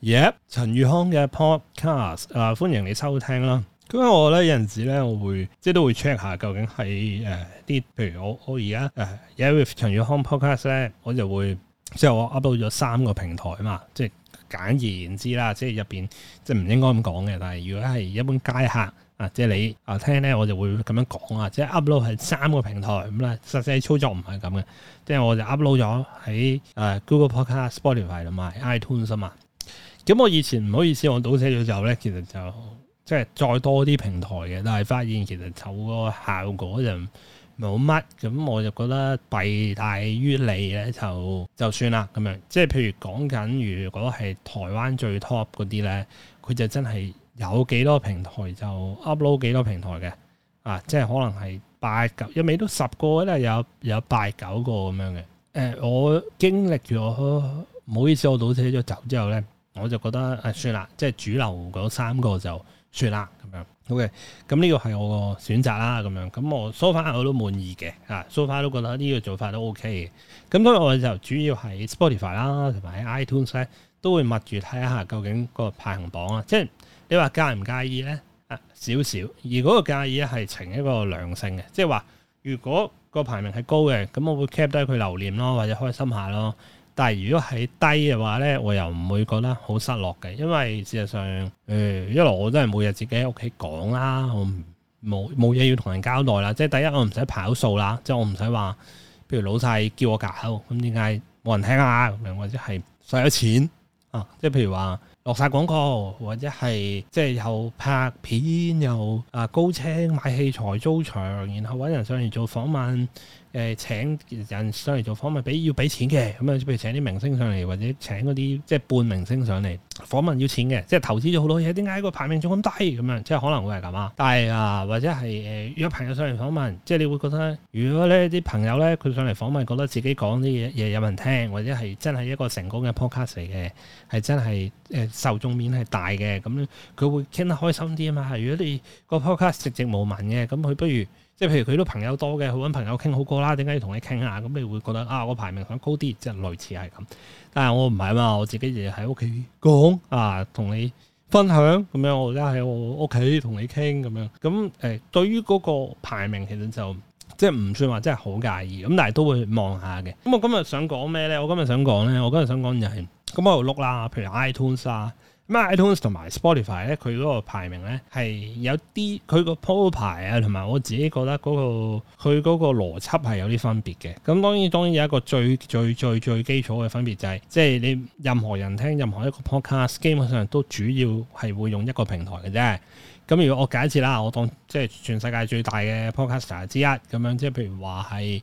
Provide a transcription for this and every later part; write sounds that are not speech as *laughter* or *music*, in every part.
Yep，、yeah，陳宇康嘅 podcast 啊，歡迎你收聽啦。咁因為我咧有陣時咧，我會即係都會 check 下究竟係誒啲，譬如我我而家誒有 if 陳宇康 podcast 咧，我就會即係我 upload 咗三個平台嘛。即係簡而言之啦，即係入邊即係唔應該咁講嘅，但係如果係一般街客啊，即係你啊聽咧，我就會咁樣講啊，即係 upload 係三個平台咁啦。實際操作唔係咁嘅，即係我就 upload 咗喺誒 Google Podcast Spotify、啊、Spotify 同埋 iTunes 啊嘛。咁我以前唔好意思，我倒車咗之後咧，其實就即係再多啲平台嘅，但係發現其實走個效果就冇乜。咁我就覺得弊大於利咧，就就算啦。咁樣即係譬如講緊，如果係台灣最 top 嗰啲咧，佢就真係有幾多平台就 upload 幾多平台嘅。啊，即係可能係八九，一味都十個咧，有有八九個咁樣嘅。誒、欸，我經歷咗唔好意思，我倒車咗走之後咧。我就覺得誒算啦，即係主流嗰三個就算啦咁樣。OK，咁呢個係我個選擇啦咁樣。咁我 so far 我都滿意嘅 so far 都覺得呢個做法都 OK。咁所以我就主要係 Spotify 啦，同埋喺 iTunes 咧都會密住睇一下究竟嗰個排行榜啊。即係你話介唔介意咧？啊，少少。而嗰個介意咧係呈一個良性嘅，即係話如果個排名係高嘅，咁我會 cap 低佢留念咯，或者開心下咯。但係如果係低嘅話咧，我又唔會覺得好失落嘅，因為事實上，誒、嗯、一路我都係每日自己喺屋企講啦，我冇冇嘢要同人交代啦。即係第一，我唔使跑數啦，即係我唔使話，譬如老細叫我搞，咁點解冇人聽啊？或者係使咗錢啊？即係譬如話。落晒廣告，或者係即係又拍片又啊高清買器材租場，然後揾人上嚟做訪問，誒、呃、請人上嚟做訪問，要比要俾錢嘅咁樣，譬如請啲明星上嚟，或者請嗰啲即係半明星上嚟訪問要錢嘅，即係投資咗好多嘢，點解個排名仲咁低咁樣？即係可能會係咁啊！但係啊、呃，或者係、呃、如果朋友上嚟訪問，即係你會覺得，如果呢啲朋友咧佢上嚟訪問，覺得自己講啲嘢嘢有人聽，或者係真係一個成功嘅 podcast 嚟嘅，係真係誒受眾面係大嘅，咁佢會傾得開心啲啊嘛。係如果你個 podcast 寂寂無聞嘅，咁佢不如即係譬如佢都朋友多嘅，佢揾朋友傾好過啦。點解要同你傾下啊？咁你會覺得啊，我排名想高啲，即係類似係咁。但係我唔係啊嘛，我自己就喺屋企講啊，同你分享咁樣，我而家喺我屋企同你傾咁樣。咁誒，對於嗰個排名其實就即係唔算話真係好介意咁，但係都會望下嘅。咁我今日想講咩咧？我今日想講咧，我今日想講就係、是。咁我度碌啦，譬如 iTunes 啦，咁啊 iTunes 同埋 Spotify 咧，佢嗰個排名咧係有啲，佢個鋪排啊，同埋我自己覺得嗰個佢嗰個邏輯係有啲分別嘅。咁當然當然有一個最最最最基礎嘅分別就係，即係你任何人聽任何一個 podcast，基本上都主要係會用一個平台嘅啫。咁如果我假設啦，我當即係全世界最大嘅 podcaster 之一咁樣，即係譬如話係。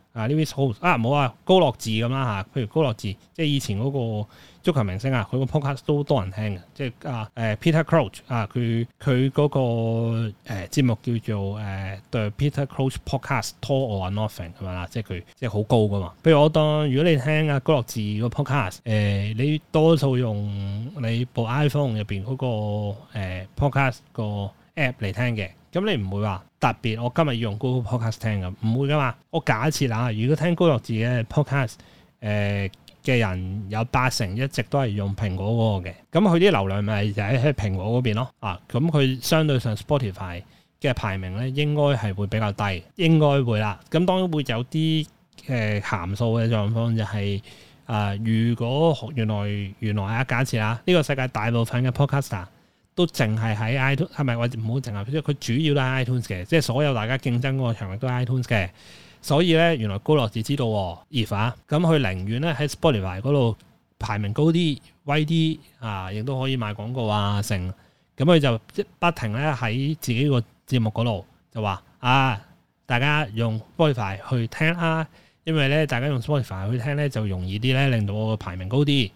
啊，Lewis House 啊，冇啊，高樂智咁啦吓，譬如高樂智，即係以前嗰個足球明星啊，佢個 podcast 都多人聽嘅，即係啊 Peter Crouch 啊，佢佢嗰個誒節、呃、目叫做誒對、呃、Peter Crouch Podcast Tall or Nothing 係咪？啦、啊，即係佢即係好高噶嘛。譬如我當如果你聽啊、呃，高樂智個 podcast，誒你多數用你部 iPhone 入面嗰、那個、呃、podcast 個 app 嚟聽嘅。咁你唔會話特別，我今日要用 Google Podcast 聽嘅，唔會噶嘛。我假設啦、啊，如果聽 Google 自己嘅 Podcast，誒、呃、嘅人有八成一直都係用蘋果嗰個嘅，咁佢啲流量咪就喺喺蘋果嗰邊咯。啊，咁佢相對上 Spotify 嘅排名咧，應該係會比較低，應該會啦。咁當然會有啲誒函數嘅狀況，呃、狀況就係、是、啊、呃，如果原來原來設啊，假設啦，呢個世界大部分嘅 Podcaster。都淨係喺 iTunes，係咪？我唔好淨係，即佢主要都喺 iTunes 嘅，即係所有大家競爭嗰個領域都 iTunes 嘅。所以咧，原來高樂士知道喎、哦、if 啊，咁佢寧願咧喺 Spotify 嗰度排名高啲、威啲啊，亦都可以賣廣告啊，成咁佢就不停咧喺自己個節目嗰度就話啊，大家用 Spotify 去聽啊，因為咧大家用 Spotify 去聽咧就容易啲咧，令到我排名高啲。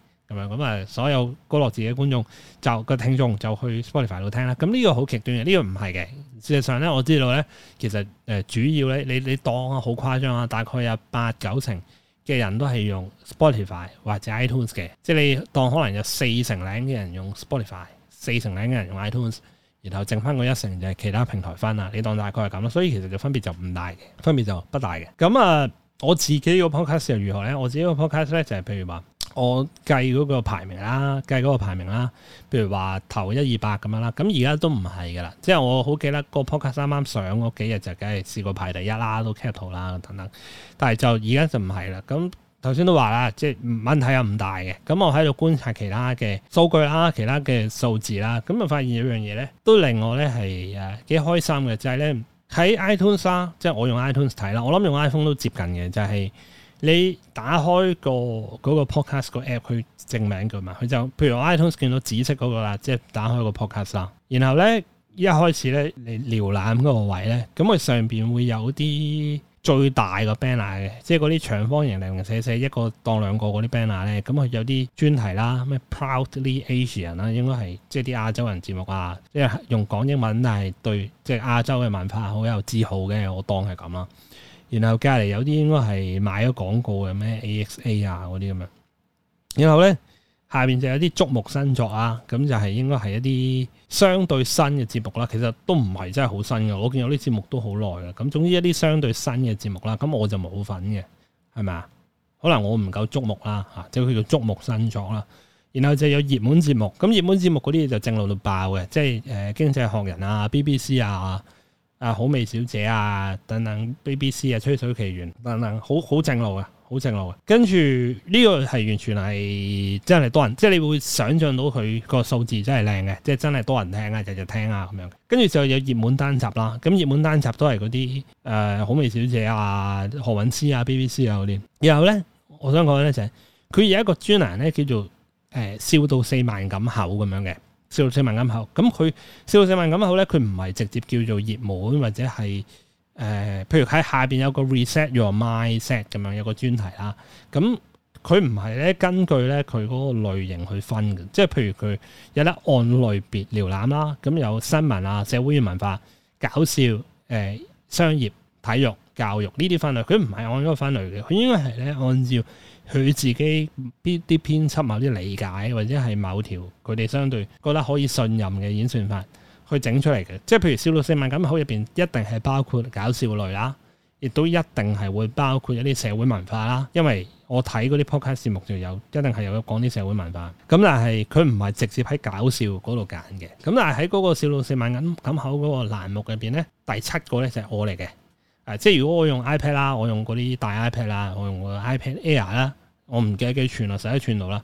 咁啊，所有高樂自己嘅觀眾就個聽眾就去 Spotify 度聽啦。咁呢個好極端嘅，呢個唔係嘅。事實上咧，我知道咧，其實誒主要咧，你你當啊好誇張啊，大概有八九成嘅人都係用 Spotify 或者 iTunes 嘅。即係你當可能有四成零嘅人用 Spotify，四成零嘅人用 iTunes，然後剩翻嗰一成就係其他平台分啦。你當大概係咁咯。所以其實就分別就唔大嘅，分別就不大嘅。咁啊，我自己個 podcast 又如何咧？我自己個 podcast 咧就係譬如話。我計嗰個排名啦，計嗰個排名啦，譬如話頭一二百咁樣啦，咁而家都唔係噶啦。即係我好記得個 Podcast 啱啱上嗰幾日就梗係試過排第一啦，都 cap 啦等等。但係就而家就唔係啦。咁頭先都話啦，即係問題又唔大嘅。咁我喺度觀察其他嘅數據啦，其他嘅數字啦，咁啊發現一樣嘢咧，都令我咧係幾開心嘅，就係、是、咧喺 iTunes 啦，即係我用 iTunes 睇啦，我諗用 iPhone 都接近嘅，就係、是。你打開個嗰個 podcast 個 app 去證明佢嘛？佢就譬如 iTunes 見到紫色嗰個啦，即係打開個 podcast 啦。然後咧一開始咧，你瀏覽嗰個位咧，咁佢上面會有啲最大個 banner 嘅，即係嗰啲長方形零零四四一個當兩個嗰啲 banner 咧。咁佢有啲專題啦，咩 proudly Asian 啦，應該係即係啲亞洲人節目啊，即係用講英文但係對即係亞洲嘅文化好有自豪嘅，我當係咁啦。然後隔離有啲應該係買咗廣告嘅咩 AXA 啊嗰啲咁樣，然後咧下面就有啲矚目新作啊，咁就係應該係一啲相對新嘅節目啦。其實都唔係真係好新嘅，我見有啲節目都好耐嘅。咁總之一啲相對新嘅節目啦，咁我就冇份嘅，係咪啊？可能我唔夠矚目啦吓，即係佢叫矚目新作啦。然後就有熱門節目，咁熱門節目嗰啲就正路到爆嘅，即係誒經濟學人啊、BBC 啊。啊！好味小姐啊，等等 B B C 啊，吹水奇緣等等，好好正路啊，好正路啊。跟住呢、這個係完全係真係多人，即係你會想象到佢個數字真係靚嘅，即係真係多人聽啊，日日聽啊咁樣。跟住就有熱門單集啦。咁、嗯、熱門單集都係嗰啲誒，好味小姐啊，何韻詩啊，B B C 啊嗰啲。然後咧，我想講咧就係佢有一個專欄咧叫做誒，呃、笑到四萬咁口咁樣嘅。四數四民咁好，咁佢四數四民咁好咧，佢唔係直接叫做熱門或者係誒、呃，譬如喺下面有個 reset your mindset 咁樣有個專題啦。咁佢唔係咧根據咧佢嗰個類型去分嘅，即係譬如佢有得按類別瀏覽啦，咁有新聞啊、社會文化、搞笑、呃、商業、體育、教育呢啲分類，佢唔係按嗰個分類嘅，佢應該係咧按照，佢自己邊啲編輯某啲理解，或者係某條佢哋相對覺得可以信任嘅演算法去整出嚟嘅，即係譬如《笑到四萬咁口》入面，一定係包括搞笑類啦，亦都一定係會包括一啲社會文化啦。因為我睇嗰啲 podcast 節目就有，一定係有講啲社會文化。咁但係佢唔係直接喺搞笑嗰度揀嘅。咁但係喺嗰個《笑到四萬咁口》嗰個欄目入面咧，第七個咧就係我嚟嘅。誒，即係如果我用 iPad 啦，我用嗰啲大 iPad 啦，我用個 iPad Air 啦，我唔記得幾寸啦，十一寸度啦。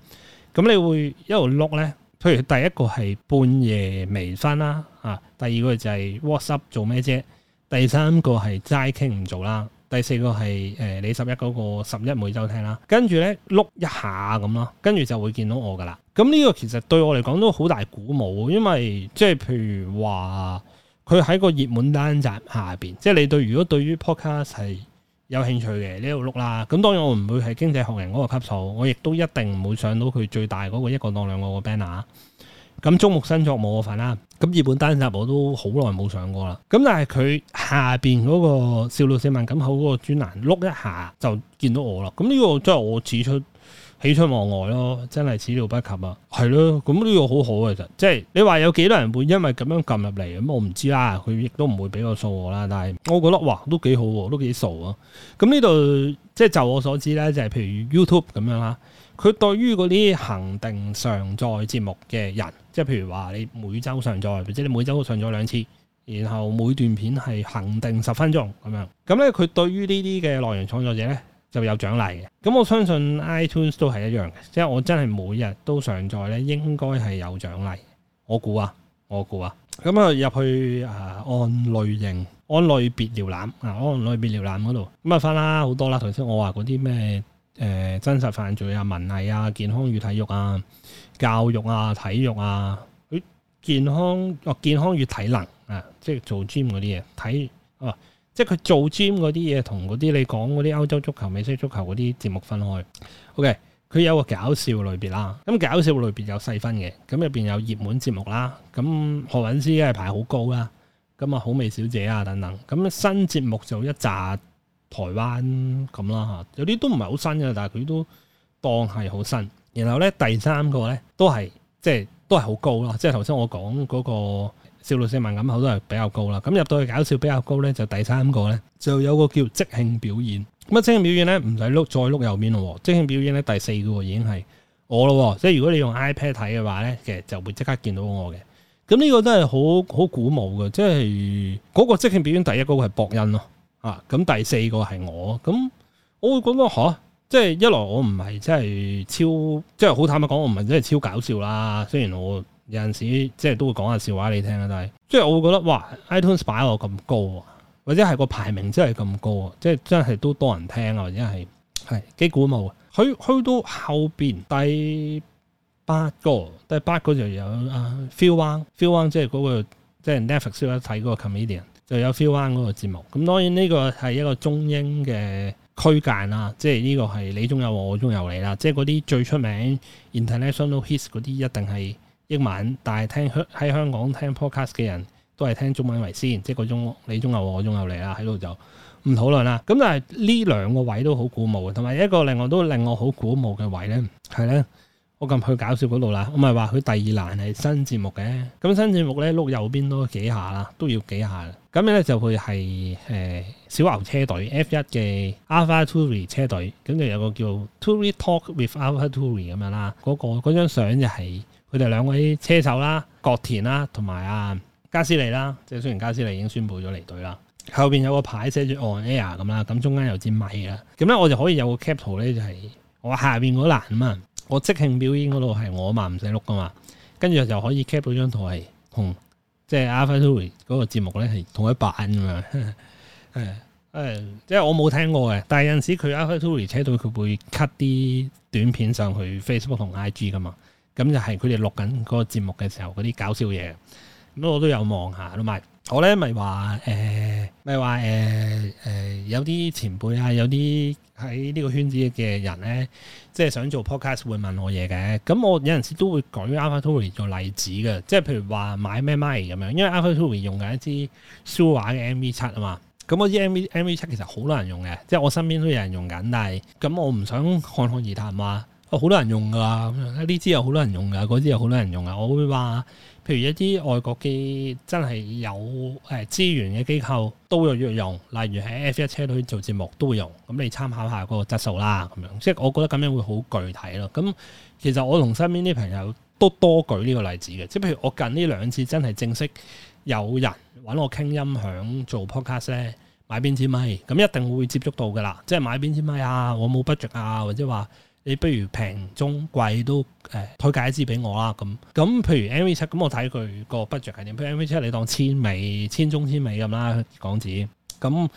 咁你會一路碌咧，譬如第一個係半夜微翻啦，啊，第二個就係 WhatsApp 做咩啫？第三個係齋傾唔做啦，第四個係你十一嗰個十一每周聽啦，跟住咧碌一下咁咯，跟住就會見到我噶啦。咁、這、呢個其實對我嚟講都好大鼓舞，因為即係譬如話。佢喺個熱門單集下面，即係你對如果對於 podcast 係有興趣嘅，你喺度碌啦。咁當然我唔會係經濟學人嗰個級數，我亦都一定唔會上到佢最大嗰個一個當兩個個 banner。咁中木新作冇我份啦。咁熱門單集我都好耐冇上過啦。咁但係佢下面嗰個少路四萬咁口嗰個專欄碌一下就見到我啦。咁呢個真係我指出。喜出望外咯，真係始料不及啊！係咯，咁呢個好好嘅，其實即係你話有幾多人會因為咁樣撳入嚟咁，我唔知啦。佢亦都唔會俾個數我啦。但係我覺得哇，都幾好喎，都幾熟啊！咁呢度即係就我所知咧，就係譬如 YouTube 咁樣啦，佢對於嗰啲恒定上載節目嘅人，即係譬如話你每周上載，或者你每周都上載兩次，然後每段片係恒定十分鐘咁樣，咁咧佢對於呢啲嘅內容創作者咧。就有獎勵嘅，咁我相信 iTunes 都係一樣嘅，即係我真係每日都常在咧，應該係有獎勵。我估啊，我估啊，咁啊入去啊按類型、按類別瀏覽啊，按類別瀏覽嗰度咁啊，翻啦好多啦。頭先我話嗰啲咩真實犯罪啊、文藝啊、健康與體育啊、教育啊、體育啊，哎、健康哦、啊，健康與體能啊，即係做 gym 嗰啲嘢，體、啊即係佢做 gym 嗰啲嘢，同嗰啲你講嗰啲歐洲足球、美式足球嗰啲節目分開。OK，佢有個搞笑類別啦，咁搞笑類別有細分嘅，咁入邊有熱門節目啦。咁何韻詩嘅排好高啦，咁啊好味小姐啊等等。咁新節目就一紮台灣咁啦吓，有啲都唔係好新嘅，但係佢都當係好新。然後咧第三個咧都係即係都係好高啦，即係頭先我講嗰個。笑到四萬咁，口都係比較高啦。咁入到去搞笑比較高咧，就第三個咧，就有個叫即興表演。咁啊，即興表演咧唔使碌，再碌右面咯。即興表演咧第四個已經係我咯。即係如果你用 iPad 睇嘅話咧，其實就會即刻見到我嘅。咁呢個都係好好鼓舞嘅，即係嗰個即興表演第一嗰個係博恩咯。啊，咁第四個係我。咁我會講講下，即係一來我唔係真係超，即係好坦白講，我唔係真係超搞笑啦。雖然我。有陣時即係都會講下笑話你聽啊。但係即係我會覺得哇，iTunes 擺我咁高啊，或者係個排名真係咁高啊，即係真係都多人聽啊，或者係係幾鼓舞啊！去去到後面第八個，第八個就有啊 Feel One，Feel One 即係嗰個即係、就是、Netflix 有睇嗰個 Comedian，就有 Feel One 嗰個節目。咁當然呢個係一個中英嘅區間啦，即係呢個係你中有我，我中有你啦。即係嗰啲最出名 International Hits 嗰啲一定係。英文，但係聽香喺香港聽 podcast 嘅人都係聽中文為先，即係個中，你中有我，我中有你啦，喺度就唔討論啦。咁但係呢兩個位都好鼓舞同埋一個另外都令我好鼓舞嘅位咧，係咧我咁去搞笑嗰度啦，我咪話佢第二欄係新節目嘅，咁新節目咧碌右邊都幾下啦，都要幾下，咁咧就會係誒、呃、小牛車隊 F 一嘅 AlphaTauri 車隊，咁就有個叫 Tauri Talk with AlphaTauri 咁樣啦，嗰、那個嗰張相就係、是。佢哋兩位車手啦，角田啦，同埋啊加斯利啦，即係雖然加斯利已經宣布咗離隊啦，後邊有個牌寫住 On Air 咁啦，咁中間有支米啦，咁咧我就可以有個 cap 圖咧，就係、是、我下邊嗰欄啊嘛，我即興表演嗰度係我啊嘛，唔使碌噶嘛，跟住就可以 cap 到張圖係同即係 AlphaTauri 嗰個節目咧係同一版咁樣，誒 *laughs* 誒，即係我冇聽過嘅，但係有陣時佢 AlphaTauri 車到佢會 cut 啲短片上去 Facebook 同 IG 噶嘛。咁就係佢哋錄緊嗰個節目嘅時候，嗰啲搞笑嘢，咁我都有望下。同埋我咧咪話誒，咪話誒有啲前輩啊，有啲喺呢個圈子嘅人咧，即係想做 podcast 會問我嘢嘅。咁我有陣時都會 a l p h a t o r i 做例子嘅，即係譬如話買咩米咁樣。因為 l p h a t o r i 用嘅一支 s 燒話嘅 MV 七啊嘛。咁我啲 MV MV 七其實好多人用嘅，即係我身邊都有人用緊。但係咁我唔想看看而談話好多人用噶啦。咁樣呢支有好多人用噶，嗰支有好多人用啊！我會話，譬如一啲外國嘅真係有資源嘅機構都會用，例如喺 F 一車去做節目都會用，咁你參考下個質素啦，咁樣即係我覺得咁樣會好具體咯。咁其實我同身邊啲朋友都多舉呢個例子嘅，即係譬如我近呢兩次真係正式有人揾我傾音響做 podcast 咧，買邊支麥咁一定會接觸到噶啦，即係買邊支麥啊，我冇 budget 啊，或者話。你不如平中貴都誒、哎、推介一支俾我啦，咁咁譬如 M V 七，咁我睇佢個 budget 係點？譬如 M V 七，你當千美千中千美咁啦，港紙。咁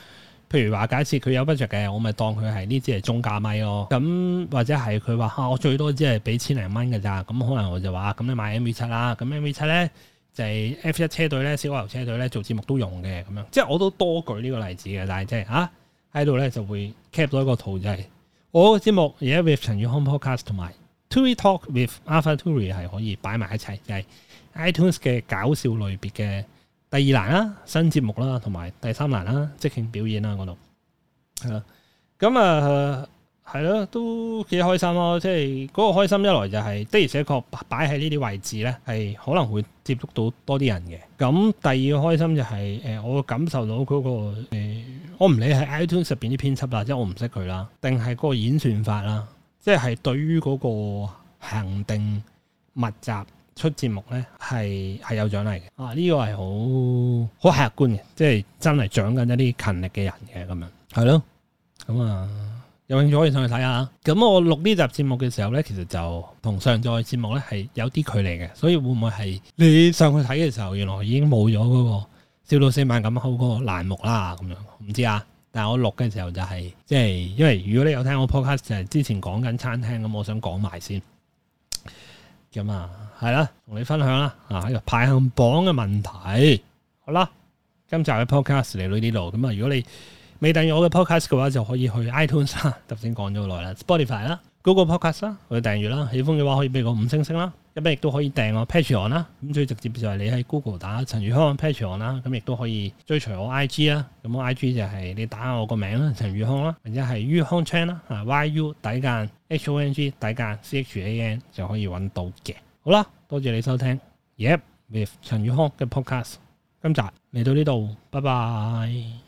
譬如話，假設佢有 budget 嘅，我咪當佢係呢支係中價米咯。咁或者係佢話嚇，我最多只係俾千零蚊嘅咋。咁可能我就話，咁你買 M V 七啦。咁 M V 七咧就係、是、F 一車隊咧，小牛車隊咧做節目都用嘅咁樣。即係我都多舉呢個例子嘅，但係即係啊喺度咧就會 cap 咗一個圖就係、是。我個節目而家、yeah, with 陳宇康 podcast 同埋 Tory Talk with Arthur Tory 係可以擺埋一齊，就係、是、iTunes 嘅搞笑類別嘅第二欄啦、啊，新節目啦、啊，同埋第三欄啦、啊，即興表演啦嗰度係啦。咁啊，係咯、啊啊啊，都幾開心咯、啊。即係嗰個開心，一來就係、是、的而且確擺喺呢啲位置咧，係可能會接觸到多啲人嘅。咁第二個開心就係、是、誒、呃，我感受到嗰、那個、呃我唔理喺 iTunes 入邊啲編輯啦，即係我唔識佢啦，定係嗰個演算法啦，即係對於嗰個恒定密集出節目呢，係係有獎勵嘅。啊，呢、這個係好好客觀嘅，即係真係獎緊一啲勤力嘅人嘅咁樣，係咯。咁、嗯、啊，有興趣可以上去睇下。咁我錄呢集節目嘅時候呢，其實就同上載節目呢係有啲距離嘅，所以會唔會係你上去睇嘅時候，原來已經冇咗嗰個？笑到四萬咁好個欄目啦，咁樣唔知啊。但係我錄嘅時候就係、是、即係，因為如果你有聽我 podcast，就係之前講緊餐廳咁，我想講埋先咁啊，係啦，同你分享啦啊，呢個排行榜嘅問題。好啦，今集嘅 podcast 嚟到呢度咁啊，如果你未訂閱我嘅 podcast 嘅話，就可以去 iTunes 啦，頭先講咗好耐啦，Spotify 啦，Google Podcast 啦，我哋訂閱啦。喜歡嘅話可以俾個五星星啦。咁亦都可以訂我 Patreon 啦，咁最直接就係你喺 Google 打陳宇康 Patreon 啦，咁亦都可以追隨我 IG 啦，咁我 IG 就係你打我個名啦，陳宇康啦，或者係 Yu Hong Chan 啦，啊 Y U 底間 H O N G 底間 C H A N 就可以揾到嘅。好啦，多謝你收聽，Yep，with、yeah，陳宇康嘅 Podcast 今集嚟到呢度，拜拜。